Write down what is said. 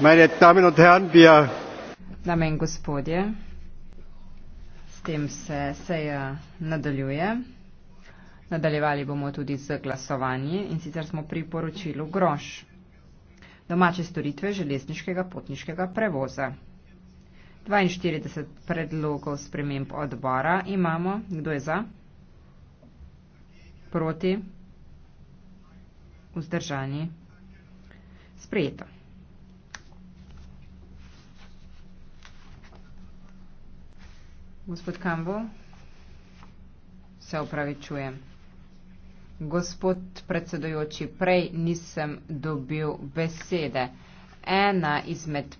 Meine Damen und Herren, wir Dame in gospodje, s tem se seja nadaljuje. Nadaljevali bomo tudi z glasovanji in sicer smo pri poročilu grož. Domače storitve železniškega potniškega prevoza. 42 predlogov sprememb odbora imamo. Kdo je za? Proti? Vzdržani? Sprejeto. Gospod Kambo, se opravičujem. Gospod predsedojoči, prej nisem dobil besede. Ena izmed